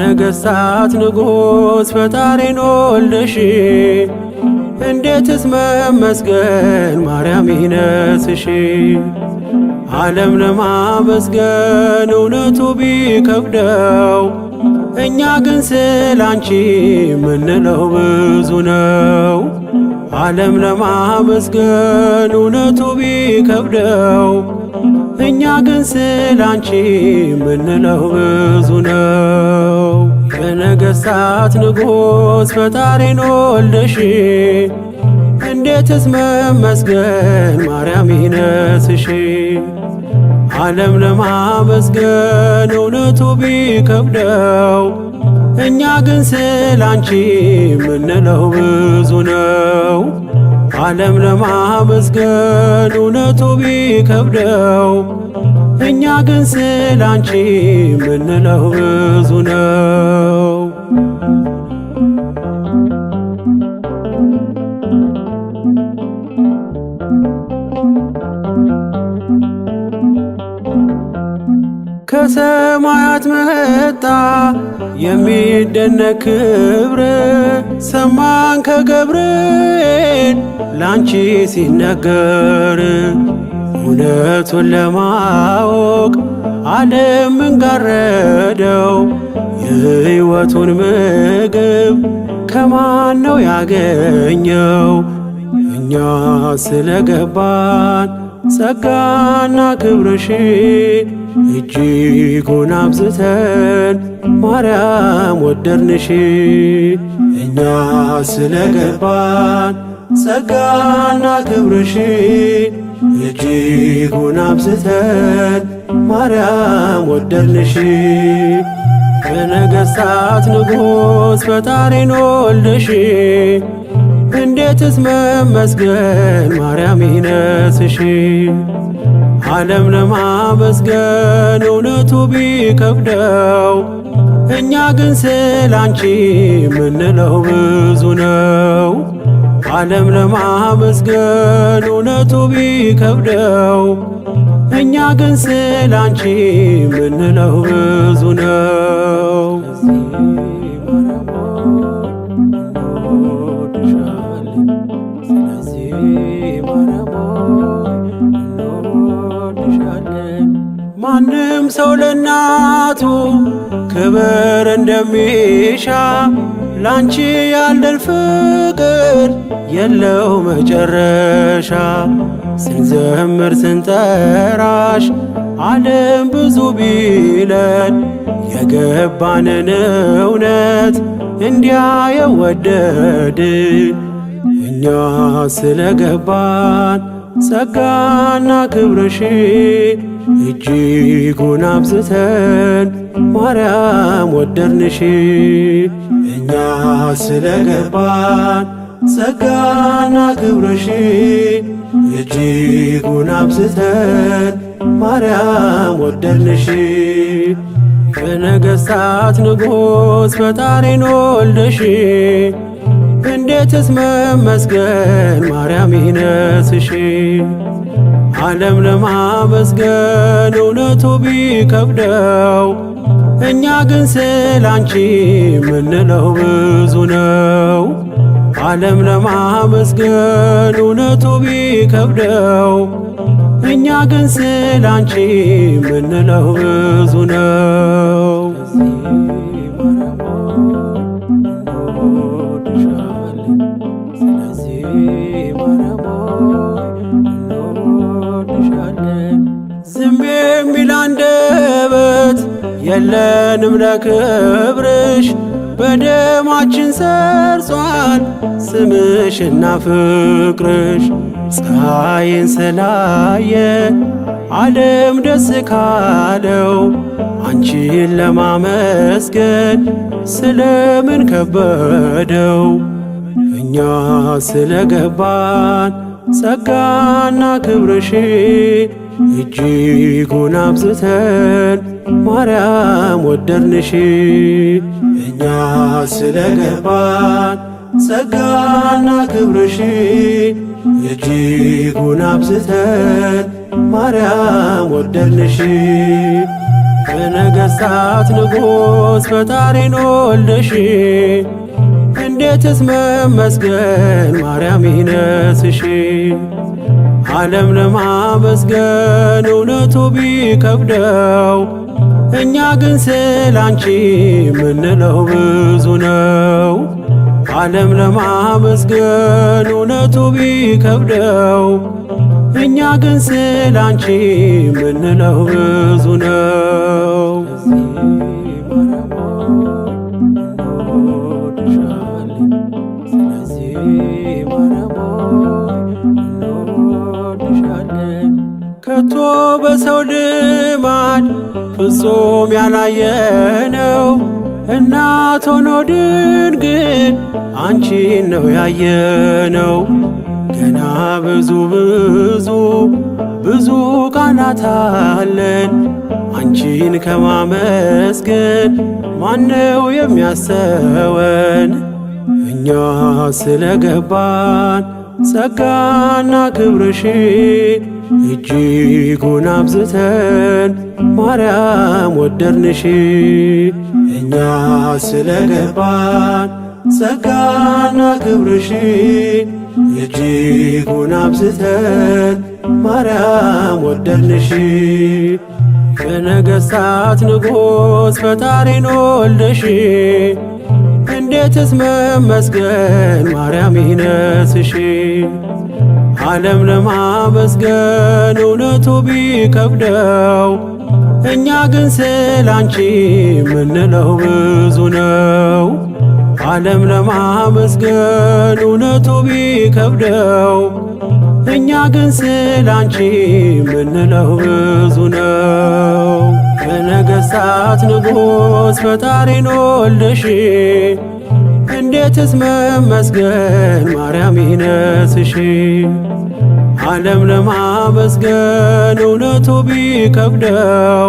የነገሥታት ንጉሥ ፈጣሪን ወልደሽ እንዴትስ መመስገን ማርያም ይነስሽ። ዓለም ለማመስገን እውነቱ ቢከብደው እኛ ግን ስላንቺ ምንለው ብዙ ነው። ዓለም ለማመስገን እውነቱ ቢከብደው እኛ ግን ስላንቺ ምንለው ብዙ ነው። የነገሥታት ንጉሥ ፈጣሪን ወልደሽ እንዴትስ መመስገን ማርያም ይነስሽ። ዓለም ለማመስገን እውነቱ ቢከብደው እኛ ግን ስላንቺ ምንለው ብዙ ነው። ዓለም ለማመስገን እውነቱ ቢከብደው፣ እኛ ግን ስላንቺ የምንለው ብዙ ነው። ከሰማያት መጣ የሚደነቅ ክብር ሰማን ከገብርኤል ላንቺ ሲነገር እውነቱን ለማወቅ ዓለም እንጋረደው የሕይወቱን ምግብ ከማን ነው ያገኘው? እኛ ስለገባን ጸጋና ክብርሽ እጅጉን አብዝተን ማርያም ወደድንሽ እኛ ስለገባን ጸጋና ክብርሽ እጅጉን አብዝተን ማርያም ወደድንሽ ከነገሥታት ንጉሥ ፈጣሪን ወልደሽ እንዴትስ መመስገን ማርያም ይነስሽ ዓለም ለማመስገን እውነቱ ቢከብደው እኛ ግን ስላንቺ ምንለው ብዙ ነው። ዓለም ለማመስገን እውነቱ ቢከብደው እኛ ግን ስላንቺ ምንለው ብዙ ነው። ማንም ሰው ለእናቱ ክብር እንደሚሻ ላንቺ ያለን ፍቅር የለው መጨረሻ። ስንዘምር ስንጠራሽ ዓለም ብዙ ቢለን የገባንን እውነት እንዲያ የወደድ እኛ ስለገባን ጸጋና ክብርሽ እጅጉን አብዝተን ማርያም ወደድንሽ እኛ ስለገባን ጸጋና ክብርሽ እጅጉን አብዝተን ማርያም ወደድንሽ በነገሥታት ንጉሥ ፈጣሪን ወልደሽ እንዴትስ መመስገን ማርያም ይነስሽ ዓለም ለማመስገን እውነቱ ቢከብደው እኛ ግን ስላንቺ ምንለው ብዙ ነው። ዓለም ለማመስገን እውነቱ ቢከብደው እኛ ግን ስላንቺ ምንለው ብዙ ነው። አለንም ለክብርሽ በደማችን ሰርጿል ስምሽና ፍቅርሽ ፀሐይን ስላየ ዓለም ደስ ካለው አንቺን ለማመስገን ስለምን ከበደው? እኛ ስለገባን ጸጋና ክብርሽ እጅጉን አብዝተን ማርያም ወደድንሽ እኛ ስለገባን ጸጋና ክብርሽ እጅጉን አብዝተን ማርያም ወደድንሽ በነገሥታት ንጉሥ ፈጣሪን ወልደሽ እንዴትስ መመስገን ማርያም ይነስሽ ዓለም ለማመስገን እውነቱ ቢከብደው እኛ ግን ስላንቺ የምንለው ብዙ ነው። ዓለም ለማመስገን እውነቱ ቢከብደው፣ እኛ ግን ስላንቺ ምንለው ብዙ ነው። ከቶ በሰው ልማድ ፍጹም ያላየነው እናት ሆኖ ድንግል አንቺን ነው ያየነው። ገና ብዙ ብዙ ብዙ ቃናት አለን አንቺን ከማመስገን ማነው የሚያሰወን? እኛ ስለገባን ጸጋና ክብርሽ እጅጉን አብዝተን ማርያም ወደርንሽ እኛ ስለገባን ጸጋና ክብርሽ እጅጉን አብዝተን ማርያም ወደርንሽ የነገሥታት ንጉሥ ፈጣሪን ወልደሽ እንዴትስ መመስገን ማርያም ይነስሽ ዓለም ለማመስገን እውነቱ ቢከብደው እኛ ግን ስላንቺ ምንለው ብዙ ነው። ዓለም ለማመስገን እውነቱ ቢከብደው እኛ ግን ስላንቺ ምንለው ብዙ ነው። በነገሳት ንጉሥ ፈጣሪን ወልደሽ እንዴትስ መመስገን ማርያም ይነስሽ ዓለም ለማመስገን እውነቱ ቢከብደው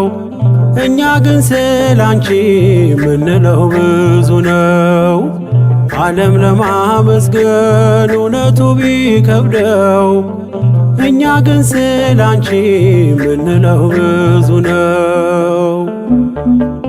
እኛ ግን ስላንቺ ምንለው ብዙ ነው። ዓለም ለማመስገን እውነቱ ቢከብደው እኛ ግን ስላንቺ ምንለው ብዙ ነው።